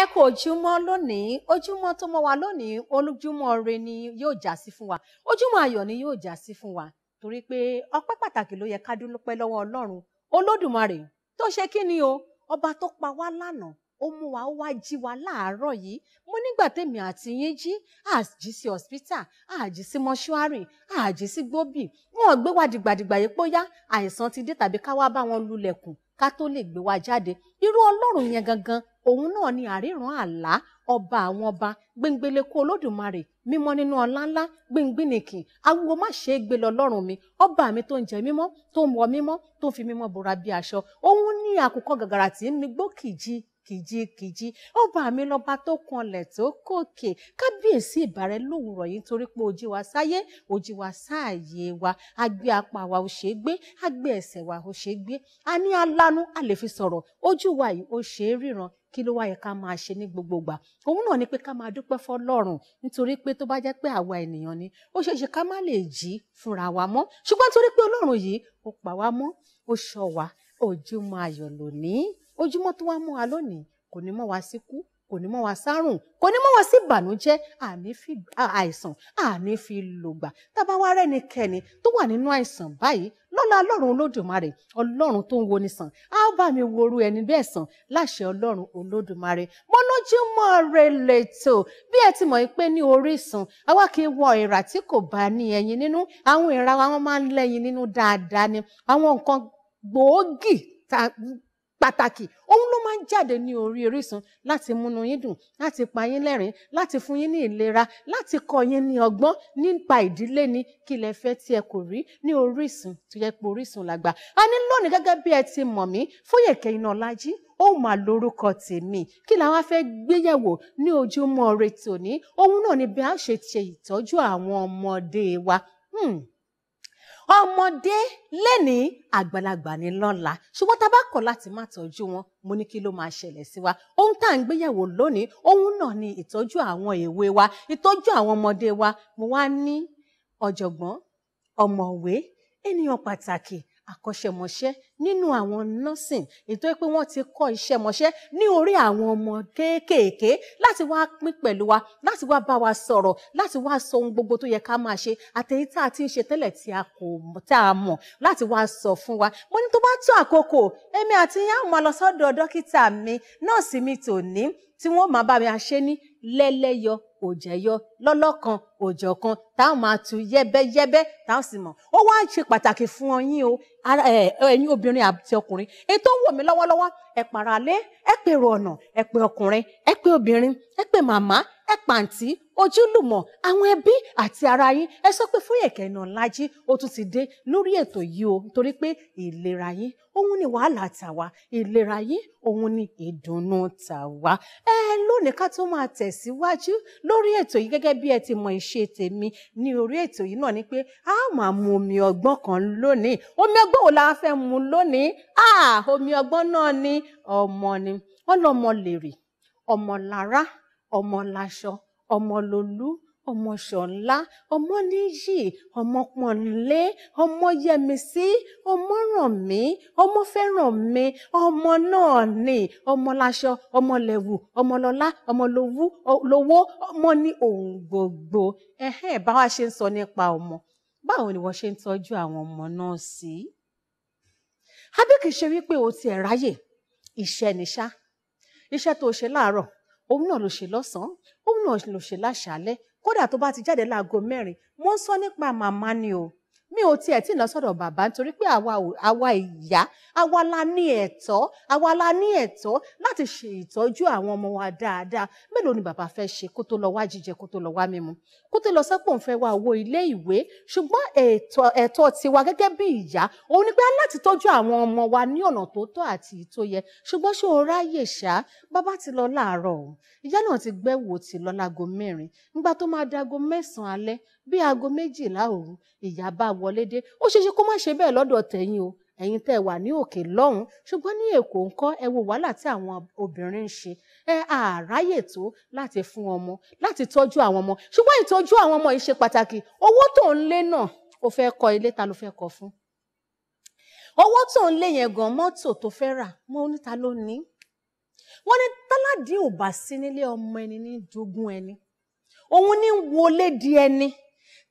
ẹ kú ojúmọ́ lónìí ojúmọ́ tó mọ́ wa lónìí olójúmọ́ re ni yóò já sí fún wa ojúmọ́ ayọ̀ ni yóò já sí fún wa torí pé ọpẹ́ pàtàkì ló yẹ ká dúpẹ́ lọ́wọ́ Ọlọ́run Olódùmarè tó ṣe kí ni o ọba tó pa wá lánàá ó mú wa ó wá jí wa láàárọ̀ yìí mo nígbà tèmi àti yín jí àjí sí hospital àjí sí mọ́ṣúárì àjí sí gbóbì wọn gbé wa dìgbàdìgbà yìí póyá àìsàn ti dé tàbí ká wá bá wọn lulẹ̀kùn ká tó lè gbé wa jáde irú Ọlọ́run yẹn gangan òun náà ni àríran àlá ọba àwọn ọba gbẹngbẹlẹkọ olódùmarè mímọ́ nínú ọlá ńlá gbẹngbẹnìkì awúwo má ṣe é gbé lọ lọ́rùn mi ọba mi tó ń jẹ mímọ́ tó ń wọ mímọ́ tó ń fi mímọ́ bora bí aṣọ òun ní àkùkọ gàgàrà tí ń mi gbó kìjì kìjikìji ọba mi lọba tó kanlẹ̀ tó kòkè kábíyèsí ìbàrẹ̀ lówùrọ̀ yìí torí pé ojú wa sáyé ojú wa sáàyè wa agbé apá wa ò ṣeé gbé agbé ẹsẹ̀ wa ò ṣeé gbé a ní alánú a lè fi sọ̀rọ̀ ojú wa yìí ó ṣeé ríran kí ló wá yẹ ká máa ṣe ní gbogbo ìgbà òun náà ni pé ká máa dúpẹ́ fọ́lọ́run nítorí pé tó bá jẹ́ pé àwa ènìyàn ni ó ṣeé ṣe ká má lè jí fúnra wa mọ́ ṣùgbọ́n torí pé ọlọ́run yìí ó pa wá mọ́ ó ṣọ́ wa ojúmọ́ ayọ̀ lónìí ojúmọ́ tó wá mú wa lónìí kò ní mọ́ wa síkú kò ní mọ́ wa sárùn kò ní mọ́ wa sí ìbànújẹ́ àní fi àìsàn àní fi lògbà tá a bá wá rẹ́nikẹ́ni tó wà nínú àìsàn báyìí lọ́lá ọlọ́run olódùmarè ọlọ́run tó ń wo ni sàn á bá mi woru ẹni bẹ́ẹ̀ sàn láṣẹ ọlọ́run olódùmarè mo lójúmọ́ rẹ̀ lẹ́tọ̀ bí ẹ ti mọ̀ pé ní Orísun àwa kì í wọ ìrà tí kò bá ní ẹyin nínú àwọn ìrà wa wọn máa ń lẹ́yìn nínú dáadáa ni àwọn nǹkan gbòógì pàtàkì ohun ló máa ń jáde ní orí Orísun láti múnú yín dùn láti pa yín lẹ́rìn láti fún yín ní ìlera láti kọ́ yín ní ọgbọ́n nípa ìdílé ni kí lẹ fẹ́ tí ẹ kò rí ní Orísun tó yẹ pé Orísun làgbà a ní lónìí gẹ́gẹ́ bí ẹ ti mọ̀ mí Fóyèké Ináolájí ó mà lórúkọ tèmi kí làwọn fẹ́ gbéyẹ̀wò ní ojúmọ́ ire tòní ohun náà ni bí a ṣe ṣe ìtọ́jú àwọn ọmọdé wa. Hmm ọmọdé lẹ́ni àgbàlagbà ní lọ́la ṣùgbọ́n tá a bá kọ̀ láti má tọ́jú wọn mo ní kí ló máa ṣẹlẹ̀ sí wa ohun tá à ń gbéyẹ̀wò lónìí ohun náà ni ìtọ́jú àwọn èwe wa ìtọ́jú àwọn ọmọdé wa mo wá ní ọ̀jọ̀gbọ́n ọ̀mọ̀wé ènìyàn pàtàkì akọ́ṣẹ́mọṣẹ́ nínú àwọn nursing ètò pé wọ́n ti kọ́ iṣẹ́ mọṣẹ́ ní orí àwọn ọmọ kéékèèké láti wá pín pẹ̀lú wa láti wá bá wa sọ̀rọ̀ láti wá sọ ohun gbogbo tó yẹ ká máa ṣe àtẹ̀yí tá a ti ń ṣe tẹ́lẹ̀ tí a kò tá a mọ̀ láti wá sọ fún wa mo ní tó bá tó àkókò èmi àti yín á máa lọ sọ́dọ̀ dókítà mi nọ́ọ̀sì mi tòní tí wọ́n máa bá mi ṣe ní lẹ́lẹ́yọ òjẹ̀yọ lọ́lọ́kan òjọ̀kan táwọn máa tu yẹ́bẹ́yẹ́bẹ́ táwọn sì mọ̀ ó wá ṣe pàtàkì fún ọyìn o ẹ̀yin obìnrin àti ọkùnrin èyí tó ń wò mí lọ́wọ́lọ́wọ́ ẹ pàràlẹ́ ẹ pèrò ọ̀nà ẹ pè ọkùnrin ẹ pè obìnrin ẹ pè màmá ẹ pàǹtí ojúlùmọ̀ àwọn ẹbí àti ara yín ẹ sọ pé Foyeke Inaolaji ó tún ti dé lórí ètò yìí o nítorí pé ìlera yín òun ni wàhálà tàwa ìlera yín òun ni ìdùnnú tàwa ẹ lónìí ká tó máa tẹ̀síwájú lórí ètò yìí gẹ́gẹ́ bí ẹ ti mọ ìṣe tèmi ní orí ètò yìí náà ni pé a máa mu omi ọgbọ́n kan lónìí omi ọgbọ́n wo la fẹ́ mu lónìí ah omi ọgbọ́n náà ni ọmọ ni wọ́n lọ́mọ lèrè ọmọ lára ọmọ láṣọ ọmọ lolú ọmọ ṣọlá ọmọ níyì ọmọ pọnlé ọmọ yẹmísí ọmọ ràn mí ọmọ fẹ́ràn mi ọmọ náà ni ọmọ láṣọ ọmọ lẹwù ọmọ lọlá ọmọ lówó ọmọ ní ohun gbogbo ẹhẹ báwa ṣe ń sọ nípa ọmọ báwo ni wọ́n ṣe ń tọ́jú àwọn ọmọ náà sí. àbí kìí ṣe wípé o tiẹ̀ ráyè iṣẹ́ ni ṣá iṣẹ́ tó ṣe láàárọ̀ òun náà ló ṣe lọ́sàn-án òun náà ló ṣe láṣàálẹ́ kódà tó bá ti jáde láago mẹ́rin mo ń sọ nípa màmá ni o mi ò tiẹ̀ tí ì lọ sọ́dọ̀ bàbá nítorí pé àwa àwa ìyá àwa la ní ẹ̀tọ́ àwa la ní ẹ̀tọ́ láti ṣe ìtọ́jú àwọn ọmọ wa dáadáa mélòó ni bàbá fẹ́ ṣe kó tó lọ wá jíjẹ kó tó lọ wá mímu kó tó lọ sẹ́pọ̀ ń fẹ́ wá owó ilé ìwé ṣùgbọ́n ẹ̀tọ́ ẹ̀tọ́ tiwa gẹ́gẹ́ bí ìyá òun ni pé láti tọ́jú àwọn ọmọ wa ní ọ̀nà tó tọ́ àti tó yẹ ṣùgbọ́n ṣé o ráyè ṣá bàbá ti lọ láàárọ̀ ìyá náà ti gbẹ́wò ti lọ láago mẹ́rin nígbà tó máa dago mẹ́sàn-án alẹ́ bí aago méjìlá òru ìyá bá wọlé dé ó ṣeé ṣe kó má ṣe bẹ́ẹ̀ lọ́dọ̀ tẹ̀yin o ẹ̀yin tẹ́ wà ní òkè lọ́hùn ṣùgbọ́n ní èkó ńkọ́ ẹ wo wàhálà tí àwọn obìnrin ń ṣe ẹ àráyè tó láti fún ọmọ láti tọ́jú àwọn ọmọ ṣùgbọ́n ìtọ́jú àwọn ọmọ yìí ṣe pàtàkì owó tó ń lé náà o fẹ́ kọ́ ilé ta ló fẹ́ kọ́ fún owó tó ń lé yẹn gan mọ́tò tó fẹ́ rà mọ́ níta ló ní wọ́n ní táládìí ò bá sí nílé ọmọ ẹni ní jogún ẹni òun ní wọlé di ẹni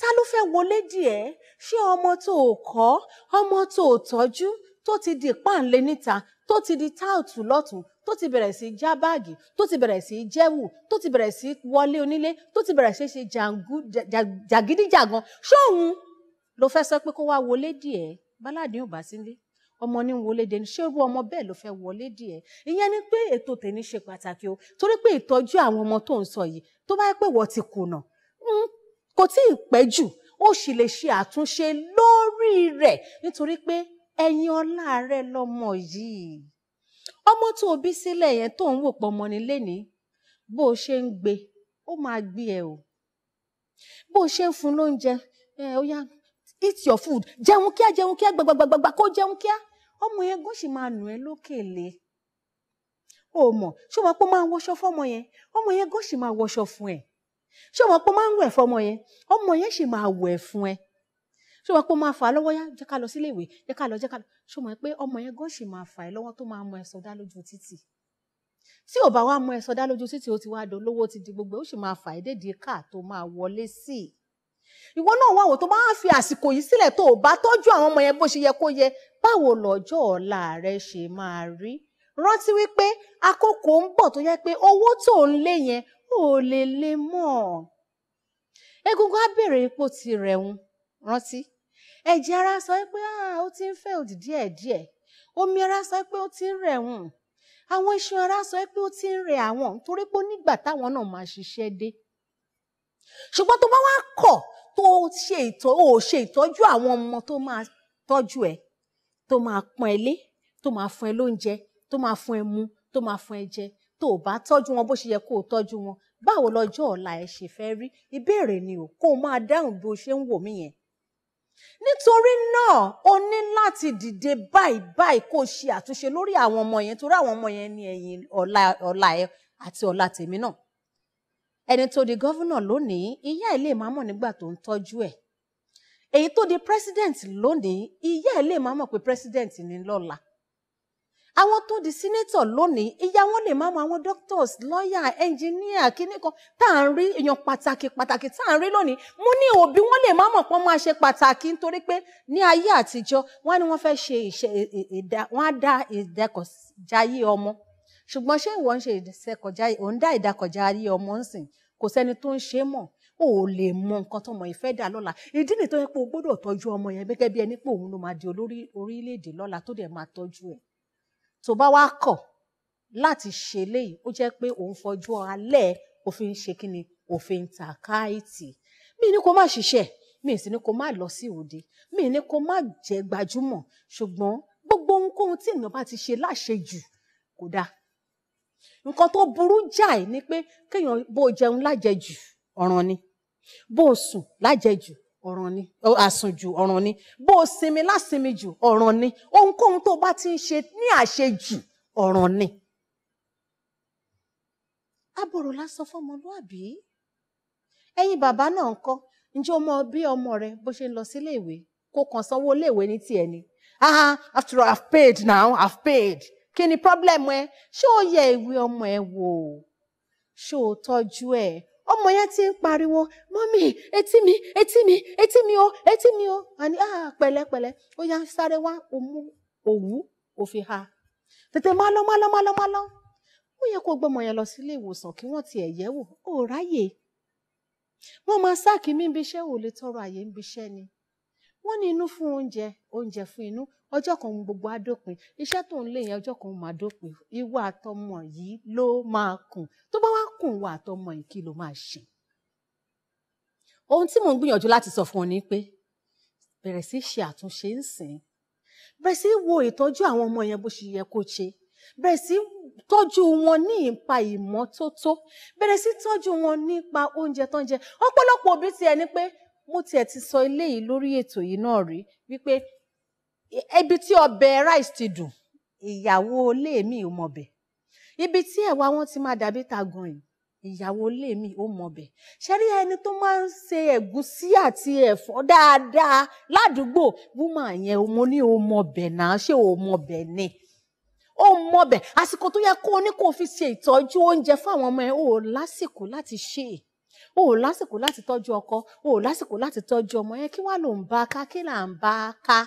ta ló fẹ́ wọlé díẹ̀ ṣé ọmọ tó o kọ́ ọmọ tó o tọ́jú tó ti di páńlé níta tó ti di táùtù lọ́tún tó ti bẹ̀rẹ̀ sí já báàgì tó ti bẹ̀rẹ̀ sí jẹ́wù tó ti bẹ̀rẹ̀ sí wọlé onílé tó ti bẹ̀rẹ̀ sí ṣe jàgídíjàgan ṣóhun ló fẹ́ sọ pé kó wá wọlé díẹ̀ báládì ò bá sílé ọmọ ní wọlé dẹni ṣé irú ọmọ bẹ́ẹ̀ ló fẹ́ wọlé díẹ̀ ìyẹn ni pé ètò tèmi ṣe pàtàkì o torí pé ìtọ́jú àwọn ọmọ tó ń sọ yìí tó bá yẹ pé wọ́n ti kùnà kò tí ì pẹ́ jù ó sì lè ṣe àtúnṣe lórí rẹ̀ nítorí pé ẹ̀yin ọlá rẹ lọmọ yìí ọmọ tó o bí sílẹ̀ yẹn tó ń wò pọ̀ mọ́ni lénìí bó o ṣe ń gbé ó máa gbé ẹ o bó o ṣe ń fún lóúnjẹ ẹ ó yá eat your food jẹun kíá jẹun kíá gbàgbàgbàgbà kó jẹun kíá ọmọ yẹn gún sì máa nù ẹ lókèlè o mọ̀ ṣó máa pọ́ máa wọṣọ fọ́mọ yẹn ọmọ yẹn gún sì máa wọṣọ fún ẹ ṣé wọn pé ó máa ń wẹ̀ fún ọmọ yẹn ọmọ yẹn sì máa wẹ̀ fún ẹ ṣé wọn pé ó máa fà á lọ́wọ́ yá jẹ́ ká lọ sílé ìwé jẹ́ ká lọ jẹ́ ká lọ ṣé wọn pé ọmọ yẹn gan sì máa fà ẹ lọ́wọ́ tó máa mọ ẹ sọdá lójú títì tí ò bá wá mọ ẹ sọdá lójú títì ó ti wá dolówó ti di gbogbo ó sì máa fà ẹ dédìí káà tó máa wọlé sí i ìwọ náà wà wò tó bá fi àsìkò yìí sílẹ̀ tó o bá tọ́jú àwọn ọmọ yẹn bó ṣe yẹ kó yẹ báwo lọ́jọ́ ọ̀la rẹ ṣe máa rí rántí wípé àkókò ń bọ̀ tó yẹ pé owó tó ń lé yẹn ò lè lé mọ́ egungun á bèrè ipò tirẹ̀ ń rántí ẹ̀jẹ̀ ara sọ pé ah, ó ti ń fẹ́ òdì díẹ̀díẹ̀ omi ara sọ pé ó ti ń rẹ̀ ń àwọn iṣan ara sọ pé ó ti ń rẹ̀ àwọn torí pé nígbà táwọn náà máa ṣiṣẹ́ dé ṣùgbọ́n tó bá wá kọ̀ tó ṣe ìtọ́ ò ṣe ìtọ́jú àwọn ọmọ tó máa tọ́jú ẹ tó máa pọn ẹ lé tó máa fún ẹ lóúnjẹ tó máa fún ẹ mu tó máa fún ẹ jẹ tó o bá tọ́jú wọn bó ṣe yẹ kó o tọ́jú wọn báwo lọ́jọ́ ọ̀la ẹ ṣe fẹ́ rí ìbéèrè ni o kó o máa dáhùn bí o ṣe ń wò mí yẹn nítorí náà o ní láti dìde báyìí báyìí kó o ṣe àtúnṣe lórí àwọn ọmọ yẹn torí àwọn ọmọ yẹn ní ẹ̀yìn ọ̀la ẹ àti ọ̀la tèmi náà ẹni tó di gọ́vùnà lónìí ìyá ẹ̀ lè máa mọ̀ nígbà tó ń tọ́jú ẹ̀ èyí tó di president lónìí ìyá ẹ̀ lè máa mọ̀ pé president ni lọ́la àwọn tó di senator lónìí ìyá wọn lè máa mọ àwọn doctors lawyer engineer kíní kan tá à ń rí èèyàn pàtàkì pàtàkì tá à ń rí lónìí mo ní òbí wọn lè máa mọ̀ pọ́n máa ṣe pàtàkì nítorí pé ní ayé àtijọ́ wọ́n ní wọ́n fẹ́ ṣe ìṣe ìdá wọ́n á dá ìdẹ́kọ̀jáyé ọmọ ṣùgbọ́n ṣé ìwọ ń ṣe ìdẹ́kọ̀jáyé òun dá ìdẹ́kọ̀jáyé ọmọ ń sìn kò sẹ́ni tó ń ṣe mọ̀ o ò lè mọ nǹkan tọmọ yìí fẹ́ dà lọ́la ìdí nìtọ́ yẹn pé o gbọ́dọ̀ tọ́jú ọmọ yẹn gẹ́gẹ́ bí ẹni pé òun ló máa di olórí orílẹ̀-èdè lọ́la tó dẹ̀ máa tọ́jú ẹ̀ tó bá wá kọ̀ láti ṣe léyìí ó jẹ́ pé òun fọjú alẹ́ òfin ṣe kí ni òfin tàkáìtì mi ní kó má ṣiṣẹ́ mi sì ní kó má lọ sí òde mi ni kó má jẹ́ gbajúmọ̀ ṣùgbọ́n gbogbo ohunkóhun tí èèyàn bá ti ṣe láṣejù kò dáa nǹkan tó burú jáì ni pé kéèyàn bó jẹun lájẹjù ọ̀ràn ni bó sùn lájẹjù ọ̀ràn ni àsùnjù ọ̀ràn ni bó o sinmi lásinmi jù ọ̀ràn ni ohunkóhun tó bá ti ń ṣe ní àṣejù ọ̀ràn ni. abọ̀rọ̀ lásán fọmọlúàbí ẹ̀yin bàbá náà ń kọ́ ǹjẹ́ o mọ bí ọmọ rẹ bó ṣe ń lọ sílé ìwé kó kàn sanwó iléèwé ní tiẹ̀ ni ah after all I've paid now I've paid kí ni problem ẹ ṣé o yẹ ìwé ọmọ ẹ wò ṣé o tọ́jú ẹ ọmọ yẹn ti ń pariwo mọ́mì etí mi etí mi etí mi o etí mi o àní ah, pẹ̀lẹ́pẹ̀lẹ́ ó yá sáré wá òmú òwú òfin ha tètè má lọ má lọ má lọ má lọ ó yẹ kó gbọmọ yẹn lọ sílé ìwòsàn kí wọ́n tiẹ̀ yẹ̀ wò ó ráyè wọ́n máa sáàkì mí ibi iṣẹ́ ò lè tọrọ àyè ń bi ni wọ́n ní inú fún oúnjẹ oúnjẹ fún inú ọjọ́ kan gbogbo á dópin iṣẹ́ tó ń lé yẹn ọjọ́ kan máa dópin ìwà àtọmọ yìí ló máa kùn tó bá wá kùn ìwà àtọmọ yìí kí ló máa ṣe. ohun tí mò ń gbìyànjú láti sọ fún ọ ni pé bẹ̀rẹ̀ sí ṣe àtúnṣe ń sìn bẹ̀rẹ̀ sí wo ìtọ́jú àwọn ọmọ yẹn bó ṣe yẹ kó ṣe bẹ̀rẹ̀ sí tọ́jú wọn ní ipa ìmọ́tótó bẹ̀rẹ̀ sí tọ́jú wọn nípa oúnjẹ tó ń jẹ ọ̀pọ̀lọpọ̀ òbí tiẹ̀ ni pé mo tiẹ̀ ti sọ eléyìí lórí ètò yìí náà rí wípé ibi tí ọbẹ̀ rice ti dùn ìyàwó ilé mi ò mọ̀bẹ̀ ibi tí ẹ̀wà wọn ti máa dàbí tagun yìí ìyàwó ilé mi ò mọ̀bẹ̀ ṣe rí ẹni tó máa ń ṣe ẹ̀gúsí àti ẹ̀fọ́ dáadáa ládùúgbò wúmà yẹn mo ní o mọ̀bẹ̀ náà ṣé o mọ̀bẹ̀ ni ó mọ̀bẹ̀ àsìkò tó yẹ kó o ní kó o fi ṣe ìtọ́jú oúnjẹ fáwọn ọmọ ẹ̀ o lásìkò láti ṣe é o ò lásìkò láti tọ́jú ọkọ o ò lásìkò láti tọ́jú ọmọ yẹn kí wàá lò ń bá ká kí là ń bá ká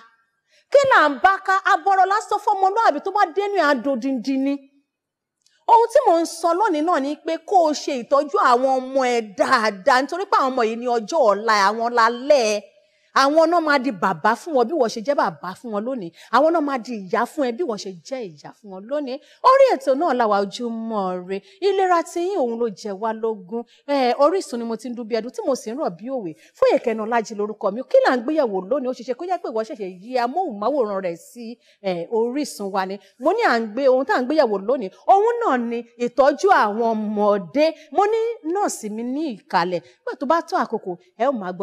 kí là ń bá ká abọ́rọ̀ lásán fọmọlúàbí tó bá dénú àdòdìndín ni ohun tí mò ń sọ lónìí náà ni pé kó o ṣe ìtọ́jú àwọn ọmọ ẹ dáadáa nítorí pé àwọn ọmọ yìí ní ọjọ́ ọ̀la àwọn lálẹ́ ẹ̀ àwọn náà máa di bàbá fún wọn bí wọ́n ṣe jẹ́ bàbá fún wọn lónìí àwọn náà máa di ìyá fún ẹ bí wọ́n ṣe jẹ́ ìyá fún wọn lónìí orí ètò náà làwà Ojúmọ́ Ire ìlera ti yín òun ló jẹ wá lógún Orísun ni mo ti ń dún bí ẹdun tí mo sì ń rọ̀ bí òwe Foyeke Inaolaji lórúkọ mi kí là ń gbéyẹ̀wò lónìí ó ṣe ṣe kó jẹ́ pé ìwọ ṣẹ̀ṣẹ̀ yí amóhùnmáwòrán rẹ̀ sí Orísun wa ni mo ní ohun tá à ń gbéyẹ̀wò lónìí òun náà